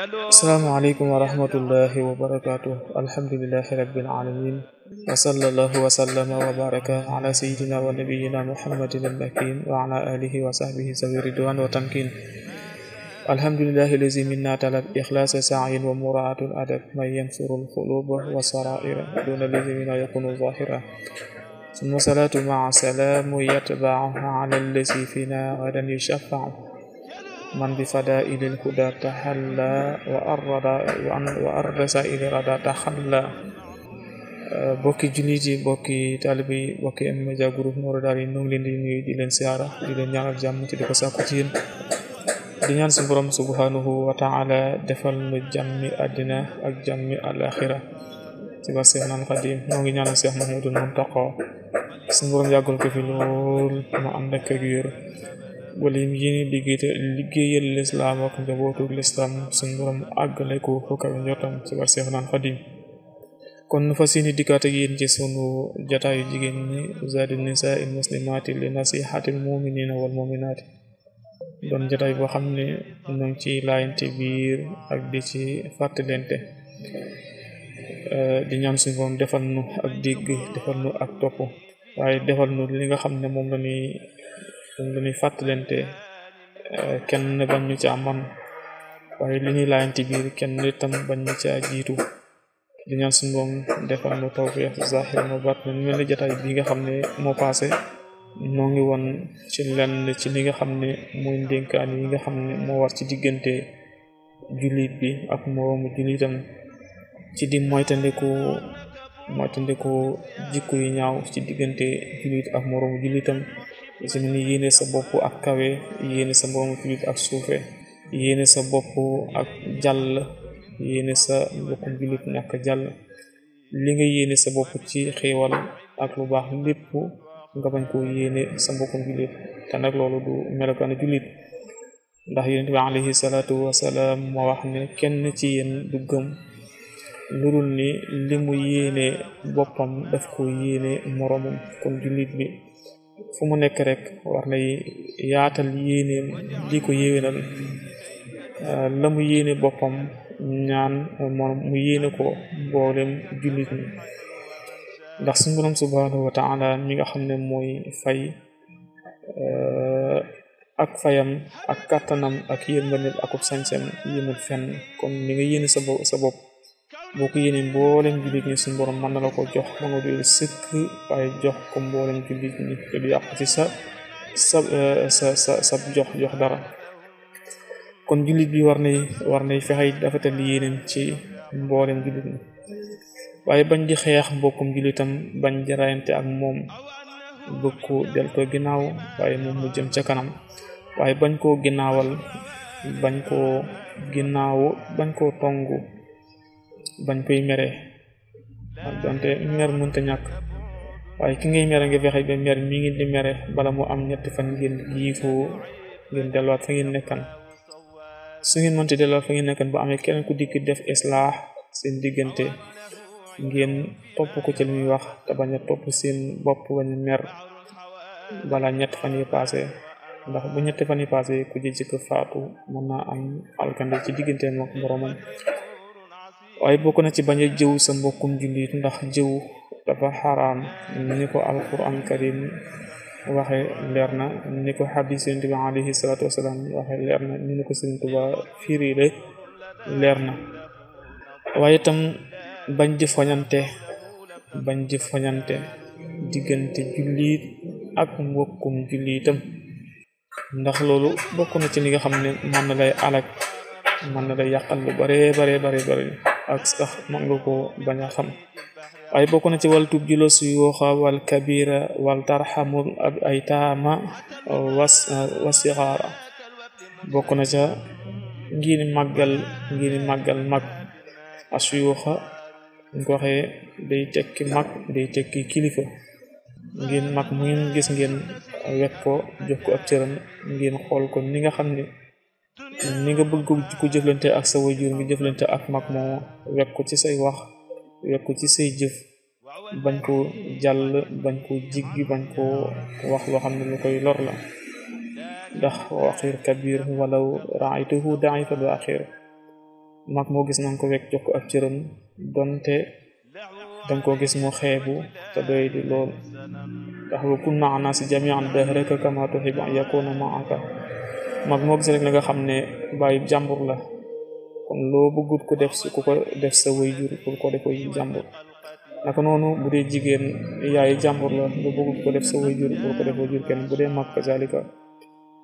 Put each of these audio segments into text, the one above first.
asalaamaaleykum wa rahmatullahi wa barakaatuh alhamdulilahi rabbil alamin wa sallallahu wa sallama wa baraka ala sayidina wa nabiyina muhammadin almakin wa ala alihi wa sahbihi sawi ridwan wa tamkin alhamdulilahi lazi minna talab ixlaasa saayin wa muraatul adab man yansuru alxuluba wa saraira duna lazi minna yakunu zahira summa salaatu maa salaamu yatbaaha ala lazi fina gadan yushafaa man bi fadaa'ilil hudaa tahalla wa arrasaa'ili radaa tahalla eh, bokki jullit yi bokki taalibe yi bokki M-Media Group Nourou Darayni ñu ngi leen di nuyu di leen siyaara di leen ñaanal jàmm ci di ko sàkku ci yéen di ñaan suñu borom subhanahu wa taala defal nu jàmmi àddina ak jàmmi alaxira ci ba Seex naan Xadim ñoo ngi ñaanal Seex Mahmudul Muntaqa suñu borom yàggal ko fi lool mu ànd ak ak wala yim yéene liggéeyte liggéeyal lislaam ak njabootu lislaam suñ borom àggale ko fukkaw njortam ci war seex naan xadim kon fas yéene dikkaat ak yéen ci sunu jataayu jigéen ñi zaadi nisaa il muslimaati li nasihatil muminina wal muminaati doon jataay boo xam ne ñoo ngi ci laayante biir ak di ci fàttalente di ñaan suñu borom defal nu ak dégg defal ak topp waaye defal li nga xam ne moom la lu ñuy fàttalante eh, kenn bañ ñu ci amoon waaye li ñuy laayante biir kenn itam bañ ñu ci jiitu di ñaan suñu moom defal mu tawfiq zahir ma baat na mel ni jotaay bi nga xam ne moo passé ngi woon ci ci li nga xam ne mooy ndénkaan yi nga xam ne moo war ci diggante jullit bi ak moroomu jullitam ci di moytandiku moytandiku jikko yu ñaaw ci diggante jullit ak moroomu jullitam lu si sa bopp ak kawe yéene sa mboomu ak suufe yéene sa bopp ak jàll yéene sa mbokku nga yéene sa bopp ci xéewal ak lu baax lépp nga bañ koo yéene sa mbokku julit te nag loolu du melokaanu julit ndax yonent bi alayhi salaatu wasalaam moo wax kenn ci yéen du gëm lurul ni li mu boppam daf ko yéene moromam kon jullit bi fu mu nekk rek war nay yaatal yéeneem di ko yéwénal euh, la yéene boppam ñaan mu yéene ko mboolem jullit ñi ndax suñu borom subhanahu wa mi nga xam ne mooy fay euh, ak fayam ak kàttanam ak yërmandeem akub sañ-sañ yëmul fenn kon ni nga yéene sa sa bopp boo ko yéene mboolem jullit ñi suñu borom mën na la ko jox ba nga doyal sëkk waaye jox ko mboolem jullit ñi te du yàq ci eh, sa sa sa jox jox dara kon jullit bi war nay war nay fexey dafatal yéeneen ci mboolem jullit ñi waaye bañ di xeex mbokkum jullitam bañ di rayante ak moom bëgg ko del ko ginnaaw waaye moom mu jëm ca kanam waaye bañ koo ginnaawal bañ ko ginnaaw bañ koo tongu bañ koy mere ak donte mer mënta ñàkk waaye ki ngay mere nga fexe ba mer mi ngi di mere bala mu am ñetti fan ngeen yiifoo ngeen delluwaat fa ngeen nekkan su ngeen mënti delluwaat fa ngeen nekkan bu amee keneen ku dikk def islaax seen diggante ngeen topp ko ci li wax te bañ a topp seen bopp bañ a mer bala ñetti fan yi passé ndax bu ñett fan yi passé ku ji ci faatu mën naa am alkande ci diggante mook boromam waaye bokk na ci bañ a jëw sa mbokkum jullit ndax jëw dafa xaraam ni ko alquran karim waxe leer na ni ko xadis yonent bi alayhi waxe leer na ni ko Sëriñ Tuubaa firile leer na waaye itam bañ di foñante bañ di foñante diggante jullit ak mbokkum jullitam ndax loolu bokk na ci li xam ne mën na lay alak mën na lay yàqal bare bare bare ak sax mën nga ko bañ xam waaye bokk na ci wal tub julus yuuxa wal kabira wal tarxamul ab ay taama was wasixaara bokk na ca ngir màggal ngir màggal mag asuyuuxa ñu ko waxee tekki mag day tekki kilifa ngeen mag mu ngeen gis ngeen wekk ko jox ko ko ni xam ne ni nga bëgg ku jëflante ak sa wajur nga jëflante ak mag moomu wekk ko ci say wax wekk ci say jëf bañ ko jàll bañ ko jiggi bañ ko wax loo xam ne lu koy lor la ndax waxir kabir walaw raaytuhu daifat wa axir mag moo gis nanga ko wekk jox ko ak cëram donte danga koo gis mu xeebu te doy di lool ndax wa kun maana si jamian dahraka kama tuhib an yakuna maaka mag moo gis rek na nga xam ne bàyyi jàmbur la kon loo bëggut ko def si ku ko def sa way jur ko def way jàmbur naka noonu bu dee jigéen yaayi jàmbur la loo bëggut ko def sa way jur ko def way bu dee mag kazalika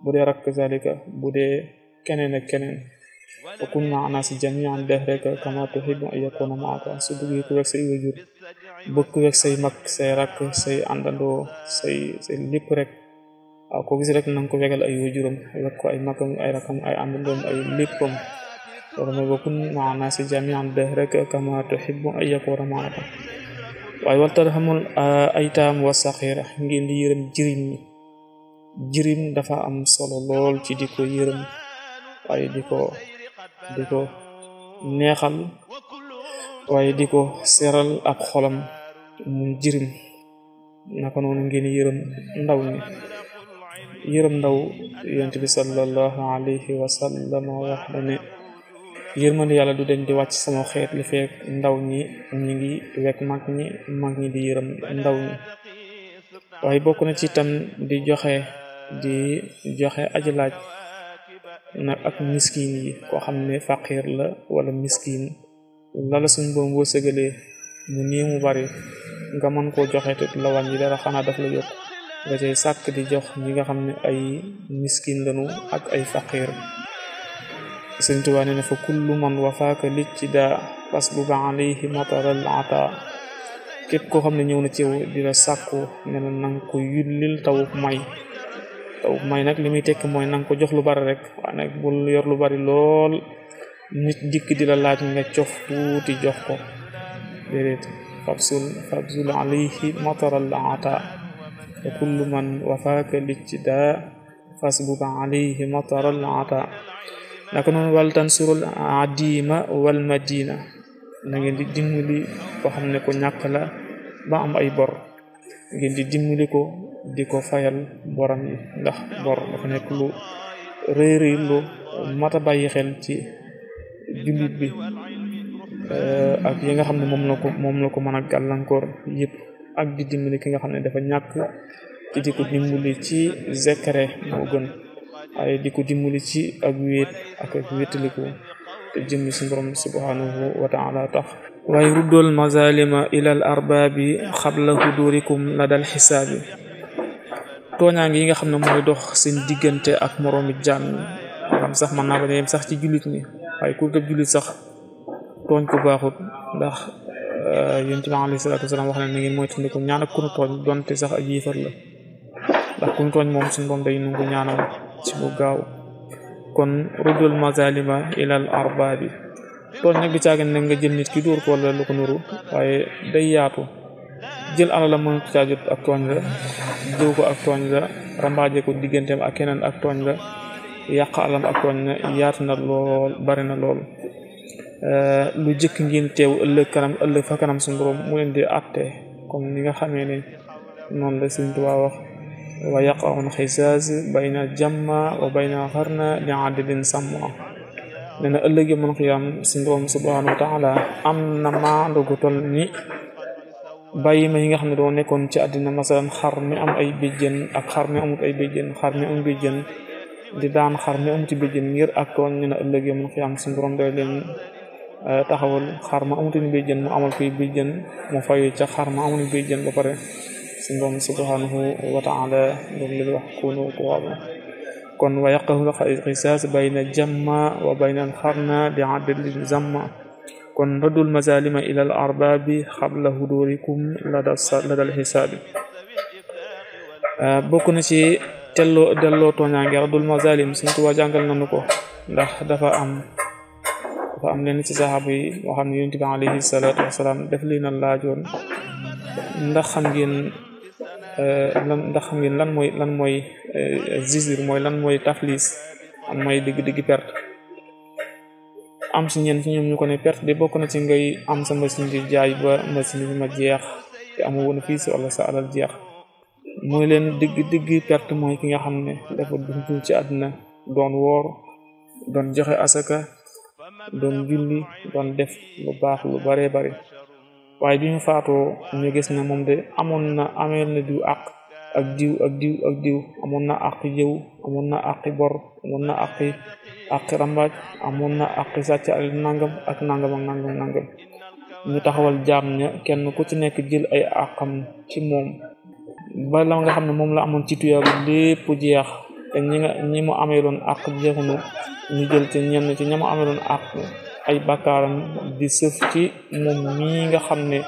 bu dee rak bu dee keneen ak keneen wa kun maa naasi jamii'an dahraka kama tuhibbu an yakuna maaka su bëggee say way jur bëgg ku wek say mag say rak say àndandoo say say lépp rek waaw koo rek na ko wegal ay waajuram wek ko ay magam ay rakam ay àndandoom ay léppam loolu mooy bokkun maana si jamian rek kama tuhibbu ay yakuna maaka waaye wal tarhamul aytaam wa saxira ngeen di yërëm jirim ñi jirim dafa am solo lool ci di ko yërëm waaye di ko neexal waaye di ko seral ab xolam mu jirim naka noonu ngeen yërëm ndaw ñi yërëm ndaw yonent bi sallallahu alayhi wa sallam wax na ne yërmande yàlla du deñ di wàcc sama xeet li ndaw ñi ñi ngi wekk mag ñi mag di yërëm ndaw ñi waaye bokk na ci tam di joxe di joxe aji laaj nag ak miskin yi koo xam ne faqir la wala miskin la la suñ boom wërsëgalee mu nii mu bari nga mën koo joxe te la wàññi dara xanaa daf la yokk nga cay sàkk di jox ñi nga xam ne ay miskin lañu ak ay faqir sëñ Tuubaa nee na fa kullu man wafaaka littida fasluba alayhi mataral ata képp koo xam ne ñëw na ci yow di la sàkku ne na nanga ko yullil tawub may tawub may nag li muy tekk mooy nanga ko jox lu bari rek waaye nag bul yor lu bari lool nit dikk di la laaj nga cof tuuti jox ko wa kullu man wafaaka lictidaa fasbuk alayhi mataral ata naka noonu wal tansurul adima wal madina na ngeen di dimbali koo xam ne ko ñàkk la ba am ay bor ngeen di dimbali ko di ko fayal boram yi ndax bor dafa nekk lu réeri lu mat a bàyyi xel ci jullit bi eh, ak yi nga xam ne moom la ko moom la ko mën gàllankoor yëpp ak di dimbali ki nga xam ne dafa ñàkk ci di ko ci zekare moo gën waaye di ko ci ak wéet ak ak wéetaliku te jëmmi suñu borom subhanahu wa taala tax waaye ruddol mazalima ilal arbaabi xabla hudurikum la dal xisaabi tooñaange yi nga xam ne mooy dox seen diggante ak moroomi jaam ñi am sax mën naa sax ci jullit ñi waaye ku gëb jullit sax tooñ ko baaxut ndax yonent bi alayhi salaatu wasalaam wax ne na ngeen mooy tundiku ñaan ak kunu tooñ donte sax ak yéefar la ndax kunu tooñ moom suñu moom day nungu ñaanam ci bu gaaw kon ruddul mazalima ilal arbaabi tooñ nag du caagin ne nga jël nit ki dóor ko wala lu ko nuru waaye day yaatu jël alal la mënut caa jot ak tooñ la jëw ko ak tooñ la rambaaje ko digganteem ak keneen ak tooñ la yàq alam ak tooñ la yaatu na lool bari na lool Euh, lu jëkk ngin teew ëllëg kanam ëllëg fa kanam suñu mu leen di atte comme ni nga xamee ne noonu la Sëriñ Tuubaa wax wa yaqaun xisaas bayna jamma wa bayna xarna li adadin samma nee na ëllëg yi mën xiyaam suñu borom subhanahu wa am na maandu gu ni bàyyi ma yi nga xam ne doo nekkoon ci àddina masalan xar mi am ay béjjën ak xar mi amut ay béjjën xar am béjjën di daan xar mi amuti béjjën ngir ak tooñ ne na ëllëg yi mën xiyaam Euh, taxawal xar ma amatuñu béjjën mu amal koy béjjën mu fayu ca xar ma amuñu béjjën ba pare suñ boom subhanahu wa taala dog wax kunu tuwaaba kon wa yaqahu qisaas bayna jamma wa bayna alxarna bi adli zamma kon raddul mazalima ila al xabla hudurikum ladal xisaabi euh, bokk na ci telloo delloo tooñaange raddul mazalim suñ tuwaa jàngal ko ndax dafa am dafa am leen ci saxaaba yi moo xam ne yonent bi alayhi salaatu wasalaam def li na laajoon ndax xam ngeen euh, lan ndax xam lan mooy lan mooy euh, zizir mooy lan mooy taflis am mooy digg-digg perte am si ñeen ci ñoom ñu ko ne perte de bokk na ci ngay am sa machine jaay ba machine bi ma jeex te amu woon fii si wala sa alal jeex mooy leen digg digg perte mooy ki nga xam ne dafa dund ci àdduna doon woor doon joxe asaka doon julli doon def lu baax lu bare bare waaye bi mu faatoo ñu gis ne moom de amoon na ameel na diw ak diw ak diw ak diw amoon na àq jëw amoon na àqi bor amoon na àqi àqi rambaaj amoon na àqi sàcc ak nangam ak nangam ak nangam nangam taxawal jaam ña kenn ku ci nekk jël ay àqam ci moom ba la nga xam ne moom la amoon ci tuyaaba lépp jeex te ñi nga ñi mu ameeloon àq jeexunu ñu jël ci ñenn ci ña mu ameeloon àq ay bakkaaram di sëf ci moom mii nga xam ne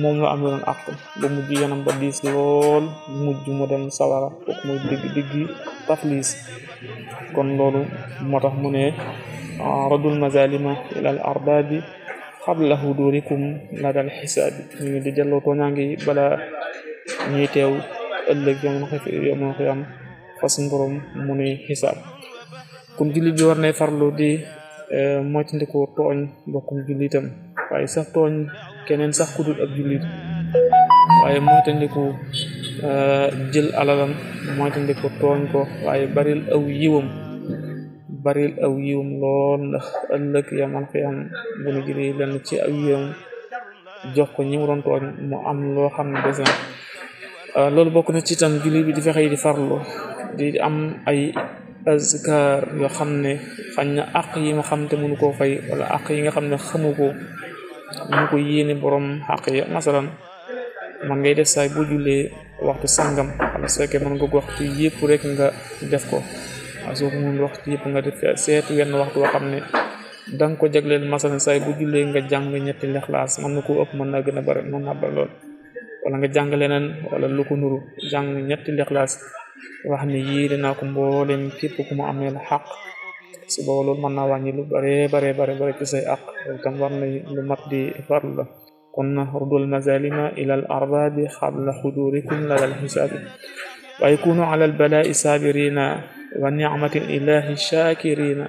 moom la ameeloon àq ba mujj yanam ba lool mujj mu dem sawara kooku muy digg diggi tafliis kon loolu moo tax mu ne radul mazalima ilal arbabi qabla hudurikum la dal xisaabi ñu ngi di delloo tooñaa ngi bala ñuy teew ëllëg yoom na xef yoom na xiyam fa suñ borom mu nuy xisaab kon jullit bi war nay farlu di e, moytandiku tooñ mbokkum jullitam waaye sax tooñ keneen sax ku dul ab jullit waaye moytandiku e, jël alalam moytandiku tooñ ko waaye baril aw yiwam baril aw yiwam lool ndax ëllëg yamal xiyam bu nu jëlee ci aw yiwam jox ko ñi mu tooñ mu am loo xam ne besoin e, loolu bokk ci itam jullit bi di fexe di farlu di am ay azkar yoo xam ne xañ na àq yi nga xam te mënu koo fay wala àq yi nga xam ne xamu ko mënu ko yéene borom àq yi masalan man ngay def saay bu jullee waxtu sàngam wala su fekkee mën nga ko waxtu yëpp rek nga def ko waaw soo ko mën waxtu yëpp nga def seet wenn waxtu woo xam ne da nga ko jagleel masalan saay bu jullee nga jàng ñetti lexlaas mën na koo ëpp mën naa gën a bare mën naa bare wala nga jàng leneen wala lu ko nuru jàng ñetti lexlaas wax ni yii dinaa ko mboolem képp ku mu ameel xaq su booba loolu mën bare bare bare bare ci aq loolu na lu mat di farlu la kon rudul mazalima ila al arbabi xabla xudurikum lada al xisaabi wa yakunu ala al balai wa nicmati ilahi shakirina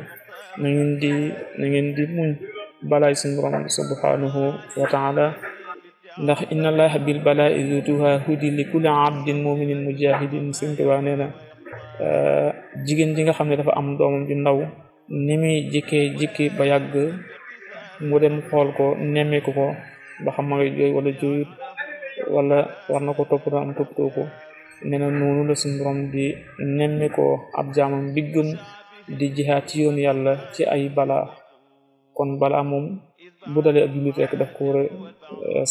na ngeen di na ngeen wa taala ndax inna allaha bil balaa'i zutuha hudi li kulli abdin muminin mujahidin sëñ Tuubaa nee na uh, jigéen ji nga xam ne dafa am doomam ju ndaw ni muy jikkee jikki ba yàgg mu dem xool ko nemmeeku ko ba xam ma nga jooy wala jooyut wala war na ko toppatoo am toppatoo ko nee na la suñ di nemmeekoo ab jaamam bi gëm di jihaat ci yoonu yàlla ci ay bala kon balaa moom bu dalee ab jullit rek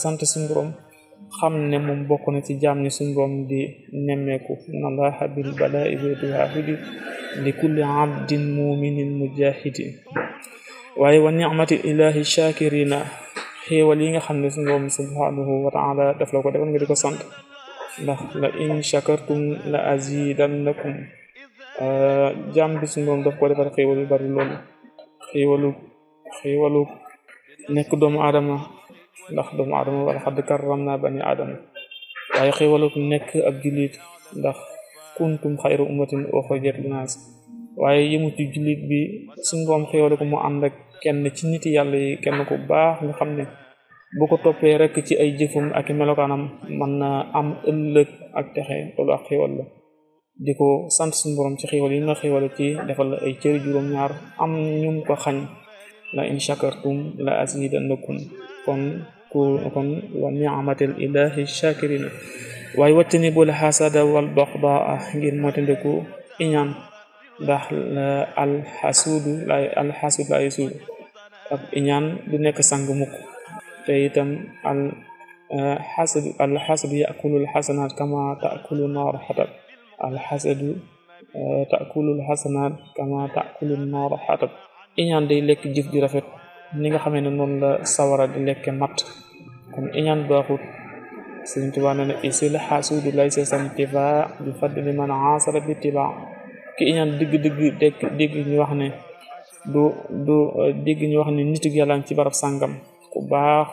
sant suñu xam ne moom bokk na ci jaam ñi suñu borom di nemmeeku inna allaha bil balaa iwatuhaahidi li kulli abdin muminin mujahidin waaye wa nicmati ilahi shakirina xéewal yi nga xam ne suñu borom subhanahu wa taala daf la ko defal nga di ko sant ndax la in shakartum la azidannakum eh, jaam bi suñu borom daf ko defal xéewal bari loolu xéewalu nekk doomu adama ndax doom aadama wala xadd karram naa bani aadama waaye xéwaluk nekk ab jullit ndax kuntum xayru ummatin uxrijat linaas waaye yëmu ci jullit bi suñ boom xéwaluk mu ànd kenn ci niti yàlla kenn ku baax nga xam ne bu ko toppee rek ci ay jëfam ak melokaanam mën na am ëllëg ak texe loolu ak xéwal la di ko sant suñ ci xéwal yi nga xéwal ci defal ay cër juróom-ñaar am ñum ko xañ la in shakartum la azidannakum kon kon wa ni'matil ilahi shakirina waaye wattani bul xasada wal baxdaa ngir motandiku la alxasuud la yasuudu du nekk sang mukk te itam al xasad eh, alxasad kama takulu naar xatab alxasadu eh, kama takulu naar iñaan day lekk jëf ju rafet ni nga xamee ne noonu la sawara di lekk matt kon iñaan baaxut Sëriñ Tuubaa nee na isil xaasudu laysa santifa bi fadli man aasara bi tibaa ki iñaan digg digg dekk digg ñu wax ne du du digg ñu wax ne nitu yàlla ci barab sàngam ku baax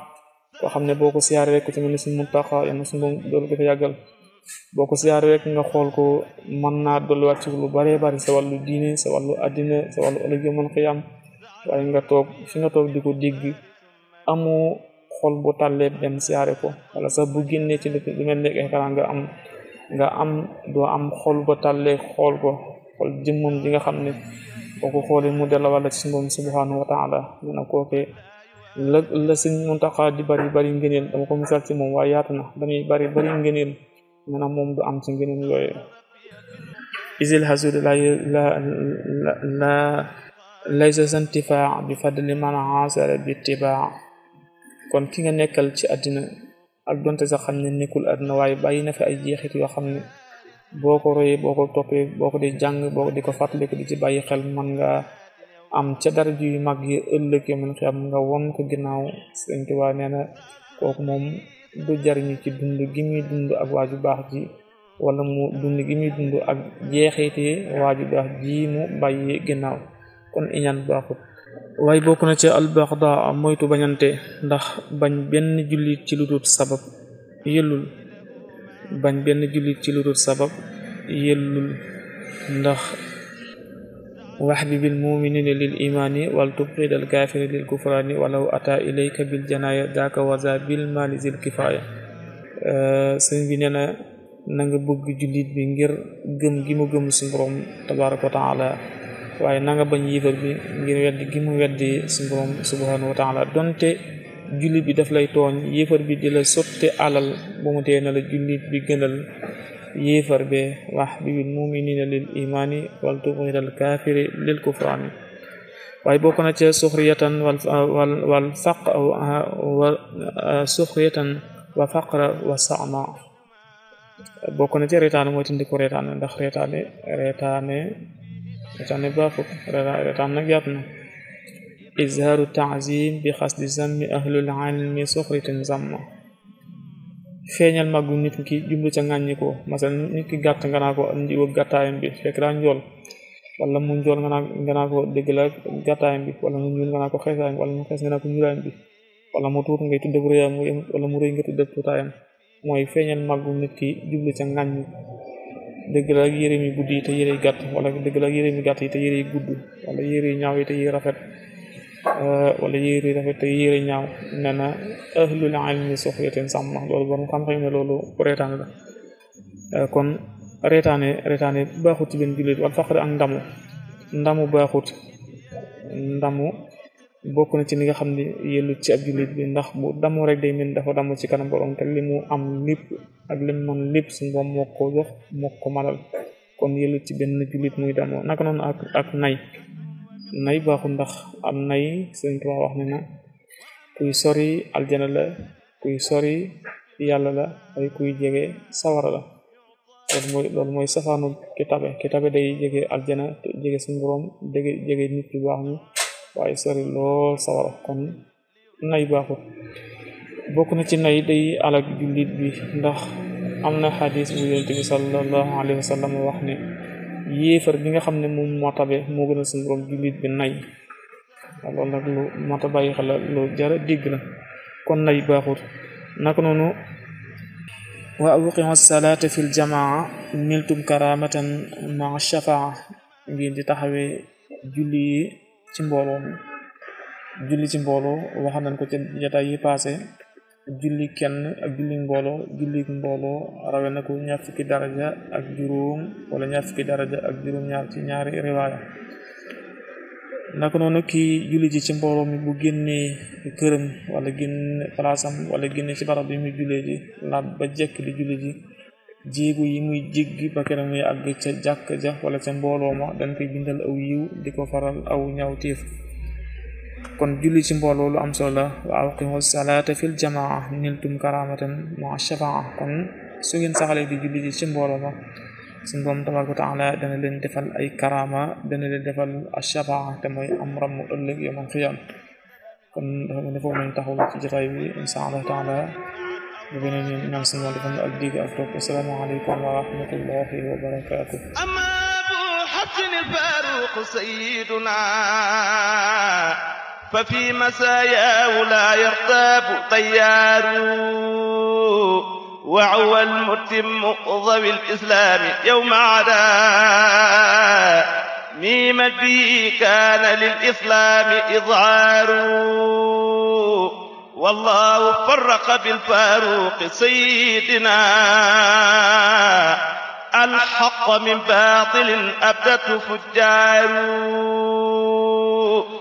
koo xam ne boo ko siyaaree rek ku ci mel ni suñ Muntaxa ko fa boo ko siyaare rek nga xool ko mën naa dolliwaat ci lu bëree bëri sa wàllu diine sa wàllu addina sa wàllu ëllëg mën xiyam waaye nga toog fi nga toog di ko dégg amoo xol bu tàllee dem siyaare ko wala sax bu génnee ci lu mel ne écran nga am nga am doo am xol bu tàllee xool ko xool jëmmam ji nga xam ne boo ko xoolee mu delloo wala ci moom subhanahu wa taala ñu ne kooke la la sëñ Muntaxa di bari bari ngëneel dama ko misaal ci moom waaye yaatu na dañuy bari bari ngëneel nee na moom du am ci ngënam yooye isil hasud la la laysa santifaa bi fadli man asara bi tibaa kon ki nga nekkal ci àddina ak donte sax xam ne nekkul àddina waaye bàyyi na fi ay jeexit yoo xam ne boo ko royee boo ko toppee boo ko di jàng boo di ko fàttaliku di ci bàyyi xel mën nga am ca dara ju mag yi ëllëg yo mën xi am won ko ginnaaw sëñ Tuubaa kooku moom du jariñu ci dund gi muy dund ak waaju baax ji wala mu dund gi muy dund ak jeexite waaju baax ji mu bàyyi ginnaaw kon iñaan baaxut waaye bokk na ci albaxda moytu bañante ndax bañ benn jullit ci lu sabab yëllul bañ benn jullit ci lu sabab yëllul ndax واحبب المؤمنين للإيمان والتبغض الكافر للكفران ولو أتى إليك بالجناية ذاك وذا بالمال ذي الكفاية sëñ bi nee na na nga bëgg jullit bi ngir gëm gi mu gëm suñu borom tabaraka wa waaye na nga bañ yéefar bi ngir weddi gi mu weddi suñu borom bi daf lay tooñ yéefar bi di la sotte alal bu mu tee la jullit bi gënal yéefar be wa xbibil muminina lil imaani wal tubghital kaafiri kufraani waaye bokk na ca suxriyatan wal wal faq wa suxriyatan wa mooy tindiku reetaane ndax reetaane reetaane reetaane baaxut reetaane bi xasdi zammi ahlul ilmi suxritin zamma feeñal màggu nit ki jublu ca ŋàññi ko masal nit ki gàtt nga naa ko njiwa gàttaayam bi fekk daa njool wala mu njool nga naa nga naa dégg la gàttaayam bi wala mu ñuul nga naa ko xeesaayam wala mu xees nga naa ko ñuulaayam mu tuut ngay tudde réyam wala mooy feeñal màggu nit ki jublu ca ŋàññi dëgg la ak yére mi gudd yi te yére yi gàtt wala dëgg la ak yére mi gàtt yi te yére yi gudd wala yére yi ñaaw yi te rafet Eh, wala yére yi rafet te yére ñaaw ne na ahlul ilmi suxyatin sàmma loolu borom xam-xam ne loolu reetaan eh, kon reetaane reetaane baaxut ci benn jullit wal faqri ak ndamu ndamu baaxut ndamu bokk na ci li nga xam ne yellut ci ab jullit bi ndax bu damo rek day mel dafa damu ci kanam borom te li mu am lépp ak li mu mën lépp suñu borom moo ko jox moo ko manal kon yellut ci benn jullit muy damu naka noonu ak nay nay baaxul ndax am nay Sëriñ Tuubaa wax ne na kuy sori aljana la kuy sori yàlla la ay kuy jege sawara la loolu mooy loolu mooy safaanu ki tabe ki tabe day jege aljana te jege suñu borom jege jege nit yu baax ñi waaye sori lool sawara kon nay baaxul bokk na ci nay day alak jullit bi ndax am na xadis bu yonent bi sallallahu alayhi wa sallam wax ne yéefar bi nga xam ne moom moo tabe moo gën a suñu borom bi nay loolu nag lu mat a jara dégg la kon nay baaxut naka noonu wa awqimu salaata fil jamaa miltum karamatan maa shafaa ngeen di taxawee julli yi ci mbooloo mi ci mbooloo wax nañ ko ci jotaay yi passé julli kenn ak julli mbooloo julli mbooloo rawe na ko ñaar fukki daraja ak juróom wala ñaar fukki daraja ak juróom ñaar ci ñaari riwaaya naka noonu ki julli ji ci mbooloo mi bu génnee këram wala génn palaasam wala génne ci barab bi muy jullee ji ba jekk di julli ji jéego yi muy jéggi ba kenn muy àgg ca jàkk ja wala ca mbooloo ma dañ koy bindal aw yiw di ko faral aw ñaw tiif kon julli ci mbooloo lu am solo la wa aqimu salaata fil jamaa niltum karamatan ma shafaa kon su ngeen saxalee di julli ci mbooloo ma suñ borom tabaraka wa taala dana leen defal ay karama dana leen defal ashafaa te mooy am ram ëllëg yawmal qiyaam kon dafa mel ne foofu nañ taxaw ci jotaay bi insha allah taala bu beneen yoon ñaan defal ak dégg ak topp asalaamaaleykum wa rahmatullahi wa barakaatu أما أبو حفص الفاروق سيدنا fa fi masayaahu laa yartaabu tayyaaru wa huwa al-mutimmu dhawi al-islaami yawma adaa miima bi kaana lil-islaami izhaaru wallaahu farraqa bil-faaruqi sayyidinaa al-haqqa min baatilin abdathu fujjaaru